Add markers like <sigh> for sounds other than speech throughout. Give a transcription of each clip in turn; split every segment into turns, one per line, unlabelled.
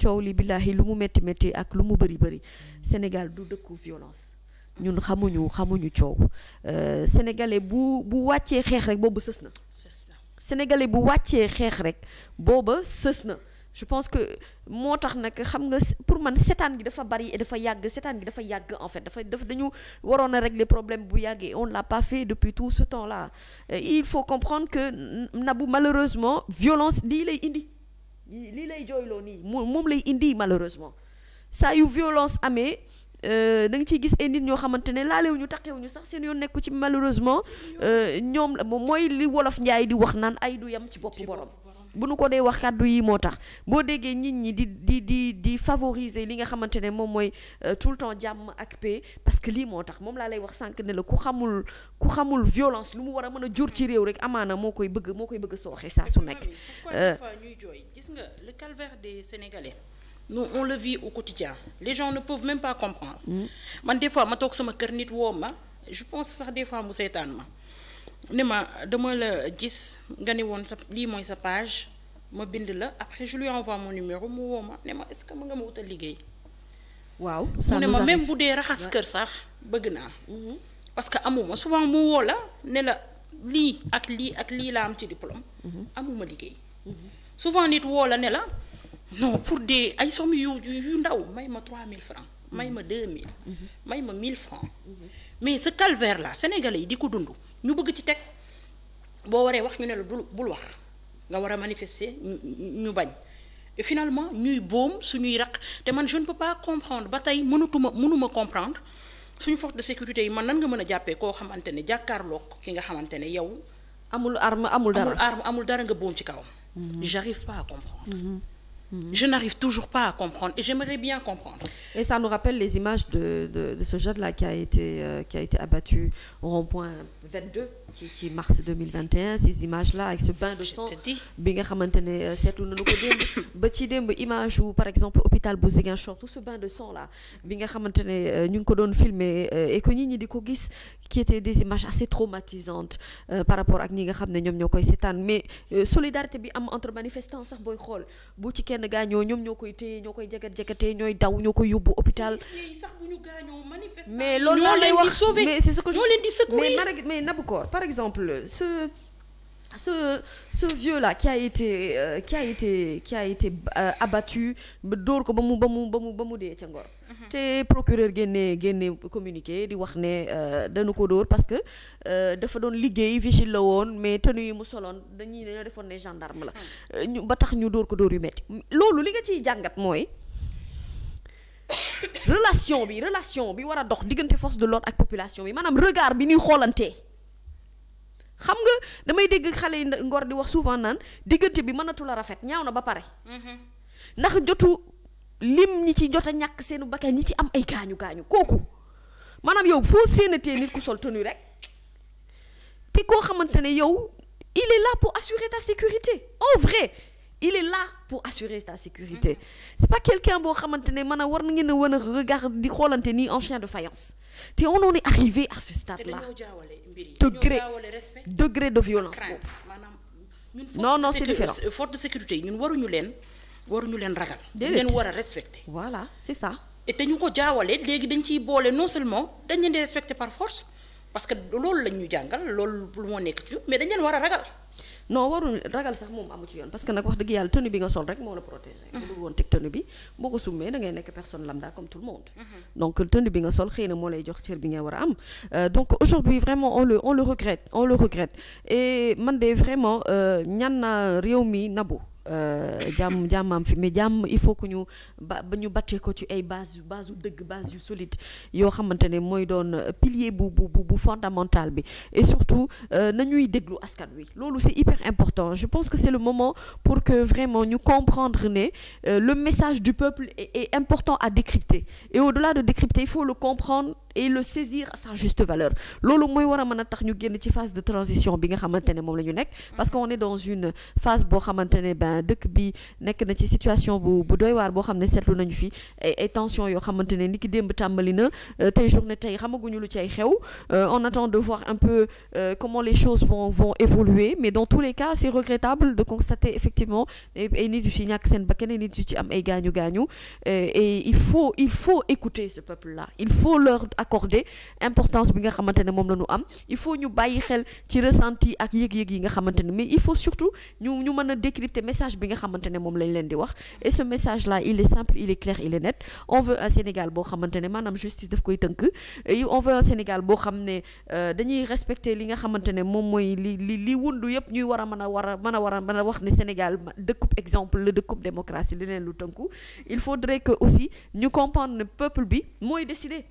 coow li billaahi lu mu métti métti ak lu mu bëri bëri Sénégal du dëkku violence ñun xamuñu xamuñu coow euh, sénégalais bu bu wàccee xeex rek boobu sës na. sénégalais bu wàccee xeex rek booba sës na. je pense que moo tax nag xam nga pour man seetaan gi dafa bari dafa yàgg seetaan gi dafa yàgg en fait dafa dafa dañu waroon a régler problème bu yàggee on l'a pas fait depuis tout ce temps là euh, il faut comprendre que Nabou malheureusement violence lii lay indi lii lay jooyloo nii moom moom lay indi malheureusement sa yu violence amee Euh, da nga ciy gis ay nit ñoo xamante ne laalewuñu taqewuñu sax seen yoon nekku ci malheureusement euh, ñoom mooy li wolof njaay di wax naan ay du yam ci boppu borom bu nu ko dee wax kàddu yi moo tax boo déggee nit ñi di di di di favoriser li nga xamante ne moom mooy euh, tout le temps jàmm ak paix parce que lii moo tax moom laa lay wax sànq ne la ku xamul ku xamul violence lu mu war a mën a jur ci réew rek amaana moo koy bëgg moo koy bëgg sooxee saa su nekk.
ñuy jooy gis nga le calvaire des Sénégalais. nous on le vit au quotidien les gens ne peuvent même man des fois ma toog sama kër nit woo ma je pense sax des fois mu seetaan ma ne ma dama la gis nga ne woon sa lii mooy sa page ma bind la après je lui envoie mon numéro mu woo ma ne ma est-ce que mën nga ma wutal liggéey. waaw mu ne ma même bu dee raxas kër sax bëgg naa. Mhm. parce que amuma souvent mu woo la ne la lii ak lii ak lii laa am ci diplôme. Mhm. amuma liggéey. Mhm. souvent nit woo la ne la. non pour de ay somme yu yu ndaw may ma mille francs may ma 2000. may ma 1000 francs mais ce calvaire la sénégalais yi di ko dund ñu bëgg ci teg boo waree wax ñu ne la bul bul wax nga war a manifester ñu bañ et finalement ñuy boom suñuy raq te man je ne peux pas comprendre ba tey mënatuma mënuma comprendre suñu force de sécurité yi man nan nga mën a jàppee koo xamante ne jàkkaarloog ki nga xamante ne yow. amul arme amul dara amul arme amul dara nga boom ci kawam. Mhm. j'arrive Mhm. je n'arrive toujours pas à comprendre et j'aimerais bien comprendre.
Et ça nous rappelle euh, au rond-point ci ci mars 2021 ces images là ak ce bain de sang bi nga xamante ne euh, seetlu nañu ko démb ba ci démb image wu par exemple hôpital bu Ziguinchor tout ce bain de sang là bi nga xamante ne euh, ñu ngi ko doon filmer euh, et que ñi di ko gis qui étaient des images assez traumatisantes par rapport ak ñi nga xam ne ñoom ñoo koy seetaan mais solidarité bi am entre manifestants sax booy xool bu ci kenn gaañoo ñoom ñoo koy téye ñoo koy jagat-jagatee ñooy daw ñoo koy yóbbu hôpital
mais loolu lay wax mais c'est ce
par exemple ce ce ce vieux là qui a été euh, qui a euh, abattu dóor ko ba mu ba mu ba mu ba mu dee ca ngor mhm. te procureur génne génne communiqué di wax ne euh, dañu ko dóor parce que euh, dafa doon liggéey vigile la woon mais tenue yi mu soloon dañuy dañoo defoon ne gendarme la mhm. ba tax ñu dóor ko dóor yu metti loolu li nga ciy jàngat mooy <coughs> relation bi relation bi war a dox diggante force de l'ordre ak population bi maanaam regard bi ñuy xoolantee xam nga damay dégg xale yi ngor di wax souvent naan diggante bi mënatu rafet ñaaw na ba pare. Mm-hmm. ndax jotu lim ñi ci jot a ñàkk seenu bakkan ñi ci am ay gaañu gaañu kooku manaam yow foo séenatee nit ku sol tenue rek te koo xamante ne yow il est là pour ta sécurité en vrai. il est là pour assurer ta sécurité c'est pas quelqu'un boo xamante ne man a war na ngeen a wan a regard di xoolante ni en chien de faïence te on en est arrivé à ce stade là
degré de violence boobu non non c'est différent force de sécurité yi ñun waruñu leen ñu leen ragal dañ leen war a respecter voilà c'est ça et te ko jaawale léegi dañ ciy boole non seulement dañ leen di respecter par force parce que loolu lañ ñu jàngal loolu lu moo nekk ci mais dañ leen war a non warul ragal sax moom amu ci yoon
parce que nag wax dëgg yàlla tenue bi nga sol rek moo la protéger bu mm-hmm. dul woon teg tenue bi boo ko summee da ngay nekk personne lambda comme tout le monde mm-hmm. donc tenue bi nga sol xëy na moo lay jox cër bi nga war a am euh, donc aujourd'hui vraiment on le on le regrette on le regrette et man de vraiment euh, ñan naa réew mi nabu Euh, jàmm jàmmaam fi mais jàmm il faut que ñu ba ñu battee ko ci ay base yu base yu dëgg base yu solide yoo xamante ne mooy doon pilier bu bu bu fondamental bi et surtout euh, nañuy déglu askan wi loolu c'est hyper important je pense que c'est le moment pour que vraiment ñu comprendre ne euh, le message du peuple est, est important à décrypter et au-delà de décrypter il faut le comprendre et le saisir sa juste valeur loolu mooy war a mën a tax ñu génn ci phase de transition bi nga xamante ne moom la ñu nekk dëkk bi nekk na ci situation bu bu doy waar boo xam ne seetlu nañu fi ay tension yoo xamante ni ki démb tàmbali na euh, tey journée tey xamaguñu lu ci ay xew euh, on attend de voir un peu euh, comment les choses vont évoluer mais dans tous les cas c'est regrettable de constater effectivement ay nit yu ci ñàkk seen bakkan ay nit yu ci am ay gaañu gaañu et il faut il faut écouter ce peuple là il faut leur accorder importance bi nga xamante ne moom la ñu am il faut ñu bàyyi xel ci ressenti a bi nga xamante ne moom lañ leen di wax et ce message là il est simple il est clair il est net on veut un Sénégal boo xamante ne maanaam justice daf koy tënk on veut un Sénégal boo xam ne euh, dañuy respecter li nga xamante ne moom mooy li li li wundu yëpp ñuy war a mën a war a mën a war mën a wax ne Sénégal dëkkub exemple la dëkkub démocratie leneen lu tënku il faudrait que aussi ñu comprendre ne peuple bi mooy décider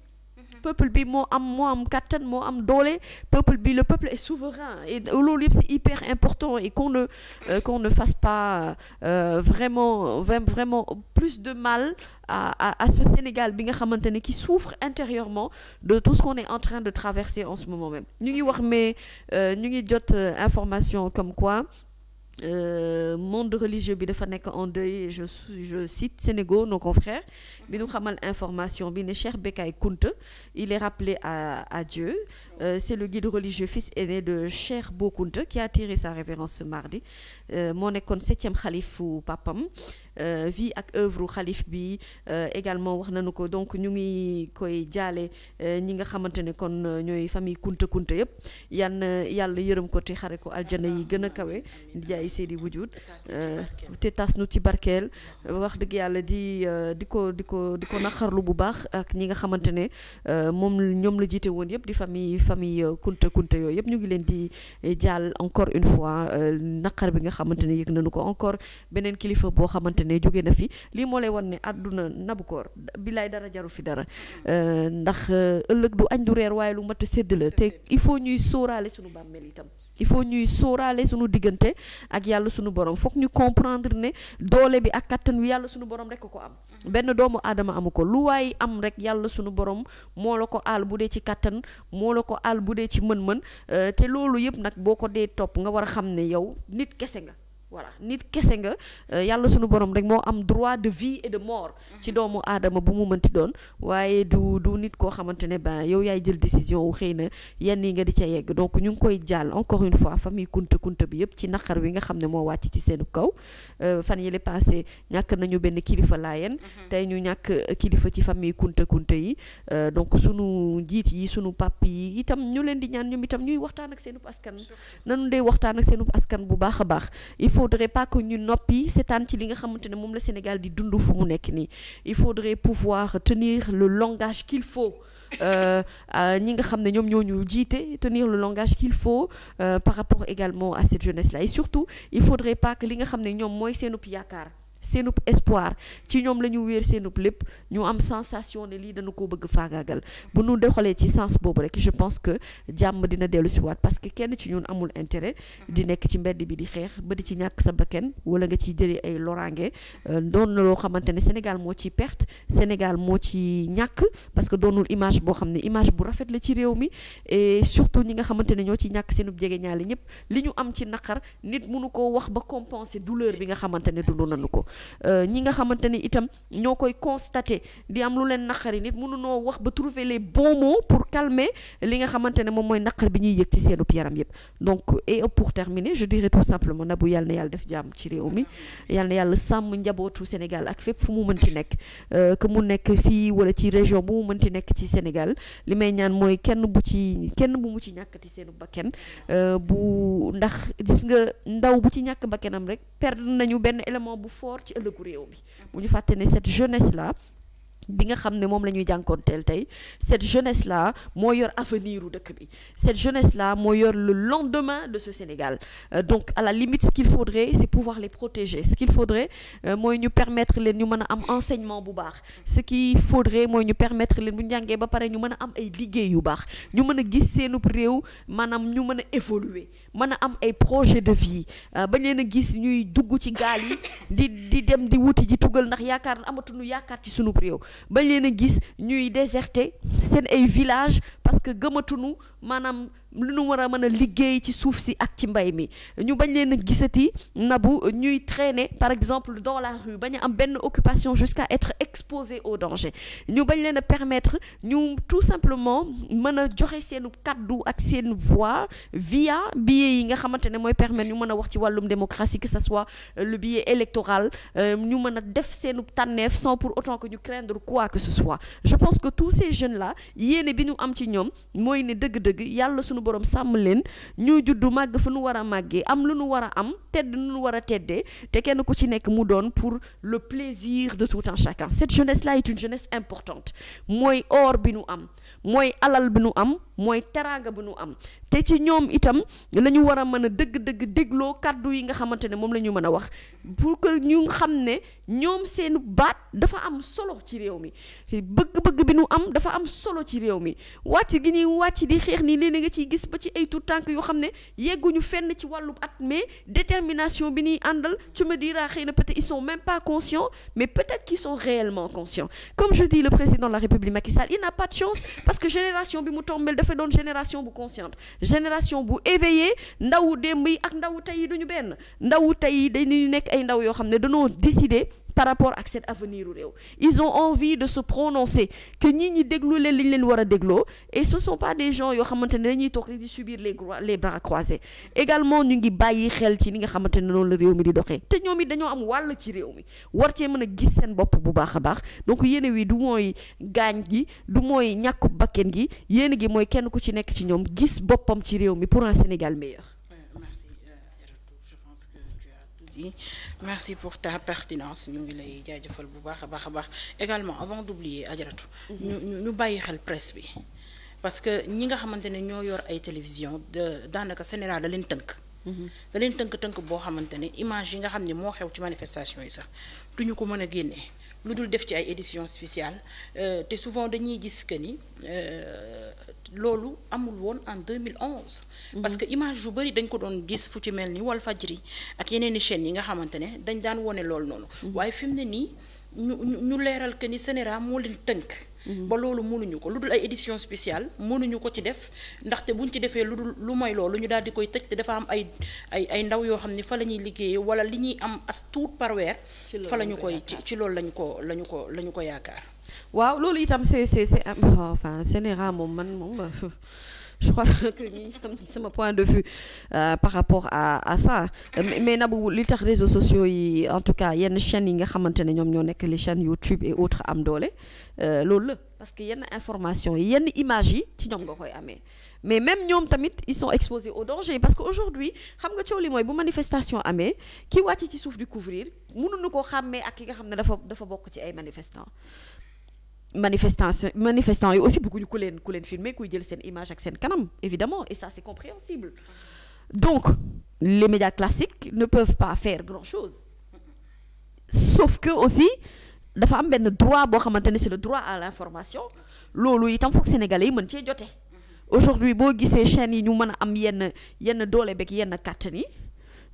peuple bi moo am moo am kattan moo am doole peuple bi le peuple est souverain et loolu yëpp c'est hyper important et qu'on ne euh, qu'on ne fasse pas euh, plus de mal à, à, ce Sénégal bi nga xamante ne qui souffre intérieurement de tout ce qu'on est en train de traverser en ce moment même ñu ngi wax mais euh, ñu ngi jot euh, information comme quoi Euh, monde religieux bi dafa nekk en deuil je je cite Sénégal nos confrères bi ñu xamal information bi ne Cheikh Bekay Kounta il est rappelé à à Dieu Euh, c'est le guide religieux fils aîné de Cheikh boo qui a tiré sa révérence ce mardi euh, moo nekkoon septième xalifu papam euh, vie ak œuvre xalif bi euh, également wax nañu ko donc ñu ngi koy jaale ñi nga xamante ne kon ñooy famille kunta kunta yëpp yan yàlla yërëm ko te xare ko aljana yi gën a kawe di jaay seedi wujud te tas nu ci barkeel wax dëgg yàlla di di ko di ko di ko naqarlu bu baax ak ñi nga xamante ne moom ñoom la jiite woon yëpp di famille famille euh, kunta kunta yooyu yëpp ñu ngi leen di eh, jàll encore une fois euh, naqar bi nga xamante ne yëg nañu ko encore beneen kilifa boo xamante ne jóge na fi lii moo lay wan ne àdduna nabu koor bilaay dara jaru fi dara euh, ndax ëllëg du añ du reer waaye lu mat a la te il faut ñuy sóoraale suñu bàmmeel itam il faut ñuy sóoraale suñu diggante ak yàlla suñu borom foog ñu comprendre ne doole bi ak kattan wi yàlla suñu borom rek ko am benn doomu aadama amu ko lu waaye am rek yàlla suñu borom moo la ko àll bu dee ci kàttan moo la ko àll bu dee ci mën-mën euh, te loolu yëpp nag boo ko dee topp nga war a xam ne yow nit kese nga voilà nit kese nga euh, yàlla sunu borom rek moo am droit de vie et de mort mhm. ci doomu aadama bu mu mënti doon waaye du du nit koo xamante ne ben yow yaay jël décision wu xëy na yenn yi nga di ca yegg donc ñu ngi koy jàll encore une fois famille kunta kunta bi yëpp ci naqar wi nga xam ne moo wàcc ci seenu kaw euh, fan yële passé ñàkk nañu benn kilifa laa laayeen mhm. tey ñu ñàkk kilifa ci famille kunta kunta yi euh, donc sunu njiit yi sunu pap yi itam ñu leen di ñaan ñoom itam ñuy waxtaan ak seenu askan nanu dee waxtaan ak seenu askan bu baax a baax faudrait pas que ñu noppi seetaan ci li nga xamante ne moom la Sénégal di dund fu mu nekk nii il faudrait pouvoir tenir le langage qu'il faut euh, ñi nga xam ne ñoom ñoo ñu jiite tenir le langage qu'il faut euh, par rapport également à cette jeunesse là et surtout il faudrait pas li nga xam ne ñoom mooy seenub yaakaar seenub espoir ci ñoom la ñu wéer seenub lépp ñu am sensation ne lii dañu ko bëgg faagaagal bu ñu doxalee ci sens boobu rek je pense que jàmm dina dellu si waat parce que kenn ci ñun amul intérêt mm-hmm. di nekk ci mbedd bi di xeex ba ci ñàkk sa bakken wala nga ciy jëlee ay loraange euh, doon na loo xamante ne Sénégal moo ciy perte Sénégal moo ci ñàkk parce que doonul image boo xam ne image bu rafet la ci réew mi et surtout ñi nga xamante ne ñoo ci ñàkk seenub jege ñaale ñëpp li ñu am ci naqar nit mënu ko wax ba compenser douleur bi nga xamante ne nañu ko Euh, ñi nga xamante ni itam ñoo koy constater di am lu leen naqari nit noo wax ba trouver les bons mots pour calmer li nga xamante ne moom mooy naqar bi ñuy yëg ci seenub yaram yëpp donc et pour terminer je dirais tout simplement na bu yàlla na yàlla def jàmm ci réew mi yàlla yàlla sàmm njabootu Sénégal ak fépp fu mu mënti nekk euh, que mu nekk fii wala ci région bu mu mënti nekk ci Sénégal li may ñaan mooy kenn bu ci kenn bu mu ci ñàkkati seenu bakken euh, bu ndax gis nga ndaw bu ci ñàkk bakkenam ci ëllëgu réew mi bu ñu fàtte ne cette jeunesse là bi nga xam ne moom la ñuy jànkoonteel tey cette jeunesse là moo yor avenir u dëkk bi cette jeunesse là moo yor le lendemain de ce Sénégal euh, donc à la limite ce qu'il faudrait c'est pouvoir les protéger ce qu'il faudrait euh, mooy ñu permettre leen ñu mën a am enseignement bu baax ce qu'il faudrait mooy ñu permettre leen bu ñu jàngee ba pare ñu mën a am ay liggéey yu baax ñu mën a gis seenub réew maanaam ñu mën a évoluer mën a am ay projet de vie euh, bañ leen a gis ñuy dugg ci gaal yi di di dem di wuti ji tugal ndax yaakaar amatuñu yaakaar ci sunub réew bañ leen gis ñuy déserté seen ay village parce que gëmatunu maanaam lu nu war a mën a liggéey ci suuf si ak ci mbay mi ñu bañ leen a gisati bu ñuy traîner par exemple dans la rue bañ a am benn occupation jusqu'à être exposé au danger ñu bañ leen a permettre ñu tout simplement mën a joxe seenu kaddu ak seen voix via billet yi nga xamante ne mooy permettre ñu mën a wax ci wàllum démocratie que ce soit euh, le billet électoral euh, ñu mën a def seenu tànneef sans pour autant que ñu craindre quoi que ce soit je pense que tous ces jeunes là yéene bi ñu am ci ñoom borom sàmm leen ñuy juddu màgg fu nu war a màggee am lu nu war a am tedd nu nu war a teddee te kenn ku ci nekk mu doon pour le plaisir de tout un chacun cette jeunesse là est une jeunesse importante mooy or bi nu am mooy alal bi nu am mooy teraanga bi nu am te ci ñoom itam la ñu war a mën a dëgg-dëgg dégloo kàddu yi nga xamante ne moom la ñu mën a wax pour kër ñu xam ne ñoom seen baat dafa am solo ci réew mi bëgg-bëgg bi nu am dafa am solo ci réew mi wàcc gi ñuy wàcc di xeex nii léeg nga ciy gis ba ci ay tuut tànk yoo xam ne yegguñu fenn ci wàllu at mais détermination bi ñuy àndal tu xëy na peut-être sont même pas conscients mais peut-être sont réellement conscients comme je dis le président de la République que génération bi mu tombel dafa doon génération bu consciente génération bu éveillé ndaw démb yi ak ndaw tey yi duñu benn ndawu tey yi dañuy nekk ay ndaw yoo xam ne danoo décider par rapport ak cet avenir u réew ils ont envie de se prononcer que ñii ñi déglu leen li ñu leen war a dégloo et ce sont pas des gens yoo xamante ne dañuy toog rek di subir les les bras croisés également ñu ngi bàyyi xel ci li nga xamante ne noonu la réew mi di doxee te ñoom it dañoo am wàll ci réew mi war cee mën a gis seen bopp bu baax a baax donc yéene wi du mooy gaañ gi du mooy ñàkk bakken gi yéene gi mooy kenn ku ci nekk ci ñoom gis boppam ci réew mi pour un Sénégal meilleur
yi merci pour ta pertinence ñu ngi lay jaajëfal bu baax a baax a baax également avant d'oublier Ajaratu mhm. ñu ñu bàyyi xel presse bi parce que ñi nga xamante ne ñoo yor ay télévision de daanaka sénéral da leen tënk mhm. da leen tënk tënk boo xamante ne image yi nga xam ne moo xew ci manifestation yi sax duñu ko mën a génnee lu dul def ci ay édition spéciale euh, te souvent dañuy gis que ni euh, loolu amul woon en 2011. Mhm. parce que image yu bëri dañ ko doon gis fu ci mel ni Walfadjri ak yeneen i chaînes yi nga xamante ne dañ daan wone loolu noonu. Mhm. waaye fi ne nii. ñu ñu leeral que ni CNRA moo leen tënk. Mhm. ba loolu mënuñu ko lu dul ay édition spéciale mënuñu ko ci def ndaxte bu ñu ci defee lu dul lu mooy lu ñu daal di koy tëj te dafa am ay ay ndaw yoo xam ni fa la ñuy liggéeyee wala li ñuy am as par weer. fa la ñu koy ci ci loolu lañu ko lañu ko lañu ko yaakaar.
waaw loolu itam c'est c'est c'est ah, enfin CNRA moom man moom. <laughs> je crois <laughs> que ñi xam point de vue euh, par rapport à à ça euh, mais Nabou li tax réseaux sociaux yi en tout cas yenn chaînes yi nga xamante ne ñoom ñoo nekk les chaînes YouTube et autres am doole euh, loolu la parce que yenn information yi yenn image yi ci ñoom nga koy amee mais même ñoom tamit ils sont exposés au danger parce que aujourd'hui xam nga coow li mooy bu manifestation amee ki wàcc ci suuf di couvrir mënuñu koo xàmmee ak ki nga xam ne dafa dafa bokk ci ay manifestants manifestation manifestants yi aussi bëgguñu ku leen ku leen filmer kuy jël seen image ak seen kanam évidemment et ça c'est compréhensible donc les médias classiques ne peuvent pas faire grand chose sauf que aussi dafa am benn droit boo xamante ne c'est le droit à l'information loolu itam foog sénégalais yi mën cee jote aujourd'hui boo gisee chaînes yi ñu mën a am yenn yenn doole beeg yenn kàttan yi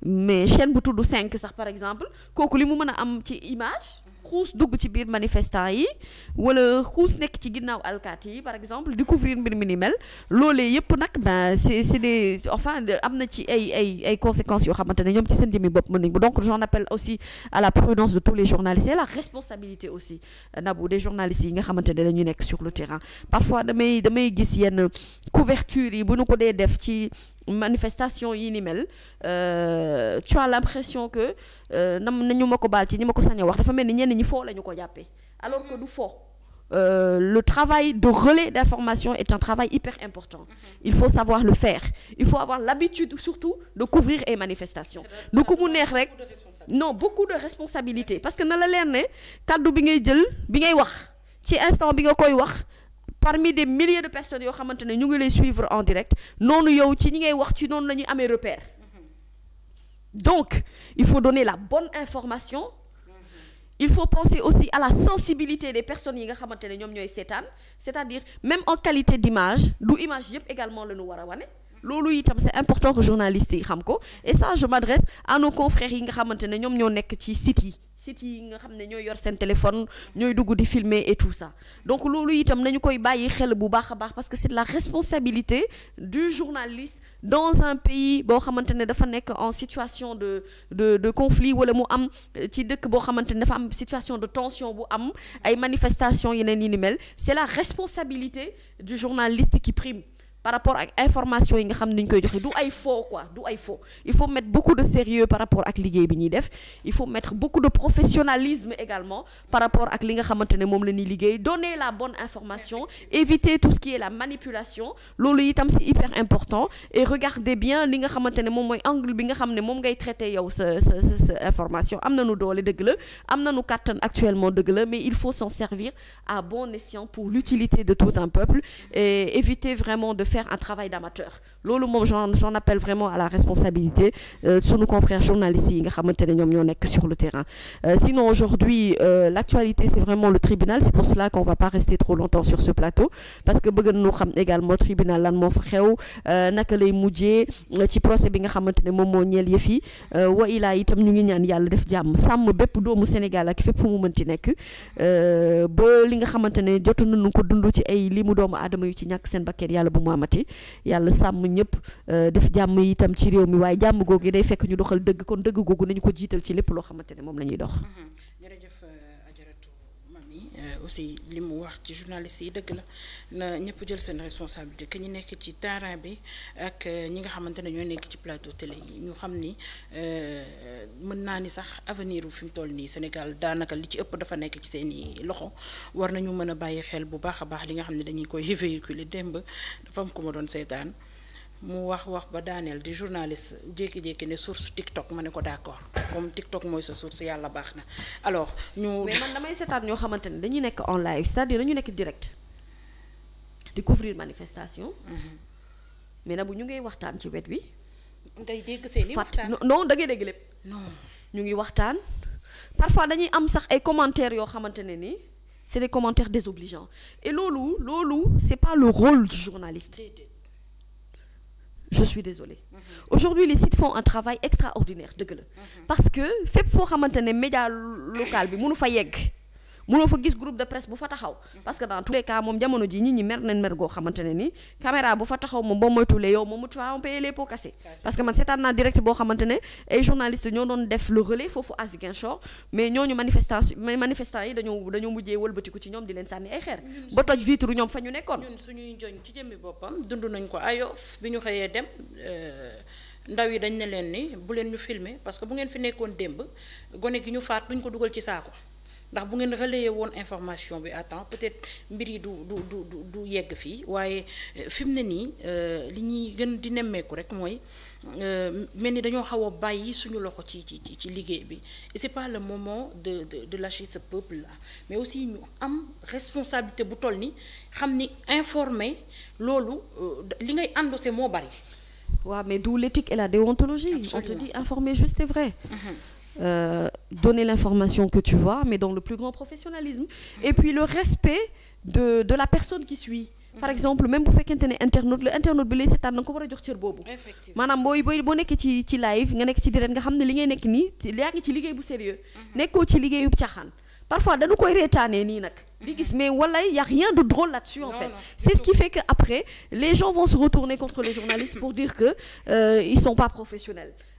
mais chaîne bu tudd cinq sax par exemple kooku li mu mën a am ci image xuus dugg ci biir manifestant yi wala xuus nekk ci ginnaaw alkaati yi par exemple découvrir mbir mi ni mel loolee yëpp nag ben c'est c'est enfin am na ci ay ay ay yoo xamante ne ñoom ci seen jëmmi bopp mën nañ ko donc j'en appelle aussi à la prudence de tous les journalistes et la responsabilité aussi nabu des journalistes yi nga xamante ne nekk sur le terrain parfois damay damay gis yenn couverture yi bu ñu ko dee def ci manifestation yi ni mel euh, tu as l'impression que euh, na ñu ma ko baal ci ñu ma ko sañ wax dafa mel ni ñenn ñi foo la ñu ko jàppee alors que du foo Euh, le travail de relais d'information est un travail hyper important. Mm-hmm. Il faut savoir le faire. Il faut avoir l'habitude surtout de couvrir les manifestations. lu ku mu neex rek no beaucoup de responsabilités parce que na la leer ne kàddu bi ngay jël bi ngay wax ci instant bi nga koy wax parmi des milliers de personnes yoo xamante ne ñu ngi lay suivre en direct noonu yow ci ñi ngay wax ci noonu la ñuy amee repère donc il faut donner la bonne information il faut penser aussi à la sensibilité des personnes yi nga xamante ne ñoom ñooy seetaan c'est-à-dire même en qualité d'image du image yëpp également la ñu war a wane loolu itam c'est important que journalistes yi xam ko et ça je m'adresse à nos confrères yi nga xamante ne ñoom ñoo nekk ci site yi sites yi nga xam ne ñooy yor seen téléphone ñooy dugg di filmer et tout ça donc loolu itam nañu koy bàyyi xel bu baax a baax parce que c'est la responsabilité du journaliste dans un pays boo xamante ne dafa nekk en situation de de de conflit wala mu am ci dëkk boo xamante ne dafa am situation de tension bu am ay manifestations yeneen yi ni mel c'est la responsabilité du journaliste qui prime par rapport ak information yi nga xam ne dañ koy joxe du ay faux quoi du ay faux il faut mettre beaucoup de sérieux par rapport ak liggéey bi ñuy def il faut mettre beaucoup de professionnalisme également par rapport ak li nga xamante ne moom la ñuy liggéey donner la bonne information éviter tout ce qui est la manipulation loolu itam c'est hyper important et regardez bien li nga xamante ne moom mooy angle bi nga xam ne moom ngay traiter yow sa sa sa information am nañu doole dëgg la am nañu kàttan actuellement la mais il faut s'en servir à bon escient pour l'utilité de faire un travail d'amateur loolu moom j'en j'en appelle vraiment à la responsabilité euh, sunu confrères journalistes yi nga xamante ñoom ñoo nekk sur le terrain euh, sinon aujourd'hui euh, l'actualité c'est vraiment le tribunal c'est pour cela qu'on va pas rester trop longtemps sur ce plateau parce que bëgg nañu xam également tribunal lan moo fa xew naka lay mujjee ci procès bi nga xamante moom moo ñeel yëf yi wa ñu ngi ñaan yàlla def jàmm sàmm bépp doomu amati yàlla sàmm ñëpp euh, def jàmm itam ci réew mi waaye jàmm googu day fekk ñu doxal dëgg kon dëgg googu nañu ko jiital ci lépp loo xamante ne moom la ñuy dox mm-hmm.
aussi li mu wax ci journaliste yi dëgg la na ñëpp jël seen responsabilité que ñu nekk ci terrain bi ak euh, ñi nga xamante ne ñoo nekk ci plateau télé yi ñu xam ni euh, mën naa ni sax avenir wu fi mu toll nii Sénégal daanaka li ci ëpp dafa nekk ci seen i loxo war nañu mën a bàyyi xel bu baax a baax li nga xam ne dañuy koy <laughs> véhiculer démb dafa am ku ma doon seetaan. mu wax wax ba daaneel di journaliste jékki-jékki ne source TikTok ma ne ko d'accord comme TikTok mooy sa source yàlla baax na alors ñu. mais man damay
seetaan ñoo xamante ne dañuy nekk en live c'est-à-dire nekk direct di couvrir manifestation. Mm-hmm. mais nag bu ñu ngay waxtaan ci wet wi.
day dégg seen i waxtaan
non da ngay dégg lépp. ñu ngi waxtaan. parfois dañuy am sax ay commentaires yoo xamante ne ni c'est des commentaires désobligeants et loolu loolu c'est pas le rôle du journaliste. je suis désolée aujourd'hui les sites font un travail extraordinaire dëgg la mhm. parce que fépp foo xamante ne média local bi mënu fa yegg munoo fa gis groupe de presse bu fa taxaw parce que dans tous les cas moom jamono ji nit ñi mer nañ mer goo xamante ni caméra bu fa taxaw moom boo moytuwulee yow moom tu vas en payer les pots cassés man seetaan naa direct boo xamante ne ay journalistes ñoo doon def le relais foofu à Ziguinchor mais ñooñu manifestant manifestants yi
dañoo dañoo mujjee wëlbatiku ci ñoom di leen sànni ay xeer ba toj vitre ñoom fa ñu nekkoon ñun suñuy joñ ci jëmmi boppam dund nañ ko ayof bi ñu xëyee dem euh, ndaw yi dañ ne leen ni bu leen ñu filmer parce que bu ngeen fi nekkoon démb gone gi ñu faat duñ ko dugal ci saako ndax bu ngeen relayer woon information bi à peut-être mbir yi du du du yegg fii waaye euh, fi mu ne nii euh, li ñuy gën di nemmeeku rek mooy euh, mel ni dañoo xaw a bàyyi suñu loxo ci ci ci liggéey bi et c'est pas le moment de de de lâcher ce peuple là mais aussi ñu am responsabilité bu toll ni xam ni informer loolu li ngay endossé moo bari.
waaw mais d'où l'éthique et la déontologie. Absolument. on te dit informer juste et vrai. Mm-hmm. euh, donner l'information que tu vois, mais dans le plus grand professionnalisme. Et puis le respect de, la personne qui suit. par mhm. exemple même bu fekkente ne internaute la internaute bi lay seetaan na nga ko war a jox cër boobu maanaam booy booy boo nekkee ci live nga nekk ci direct nga xam ne li ngay nekk nii yaa ngi ci liggéey bu sérieux mhm. nekkoo ci liggéeyu caaxaan parfois dañu koy reetaanee nii nag di gis mhm. mais voilà il y a rien de drôle là-dessus en fait c'est après les gens vont se retourner contre les journalistes pour dire que euh,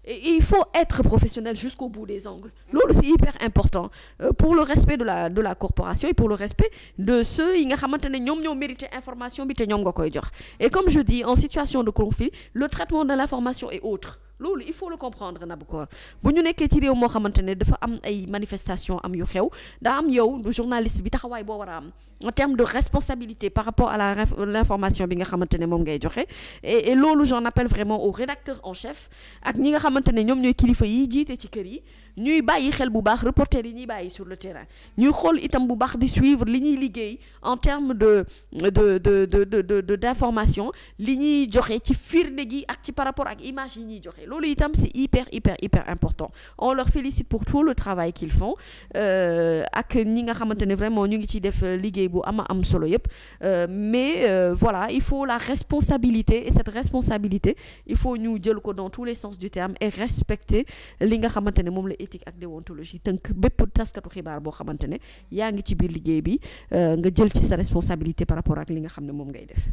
il faut être professionnel jusqu'au bout des ongles loolu c'est hyper important euh, pour le respect de la de la corporation et pour le respect de ceux yi nga xamante ne ñoom ñoo mérité information bi te ñoom nga koy jox et comme je dis en situation de conflit le traitement de l'information est autre loolu il faut le comprendre Nabukor bu ñu nekkee ci réew moo xamante ne dafa am ay manifestation am yu xew daa am yow journaliste bi taxawaay boo war a am en terme de responsabilité par rapport à la l'information bi nga xamante ne moom ngay joxe et loolu j'en appelle vraiment au rédacteur en chef ak ñi nga xamante ne ñoom ñooy kilifa yi jiite ci kër yi ñuy bàyyi xel bu baax reporter yi ñuy bàyyi sur le terrain ñuy xool itam bu baax di suivre li ñuy liggéey en terme de de de de de d'information li ñuy joxe ci firnde gi ak ci par rapport ak image yi ñuy joxe loolu itam c'est hyper hyper hyper important on leur félicite pour tout le travail qu'ils font euh, ak ñi nga xamante ne vraiment ñu ngi ciy def liggéey bu ama am solo yépp euh, mais euh, voilà il faut la responsabilité et cette responsabilité il faut ñu jël ko dans tous les sens du terme et respecter li nga xamante ne moom la éthique ak déontologie tënk bépp taskatu xibaar boo xamante ne yaa ci biir liggéey bi euh, nga jël ci sa responsabilité par rapport ak li nga xam ne moom ngay def.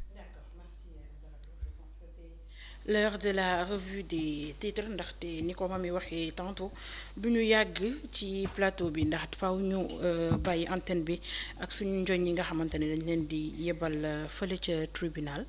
l'heure de la revue des titres ndaxte ni ko mami waxee tantôt bu ñu yàgg ci plateau bi ndax faw ñu euh, bàyyi antenne bi ak suñu njoñ yi nga xamante ne dañ leen di yebal euh, fële ca tribunal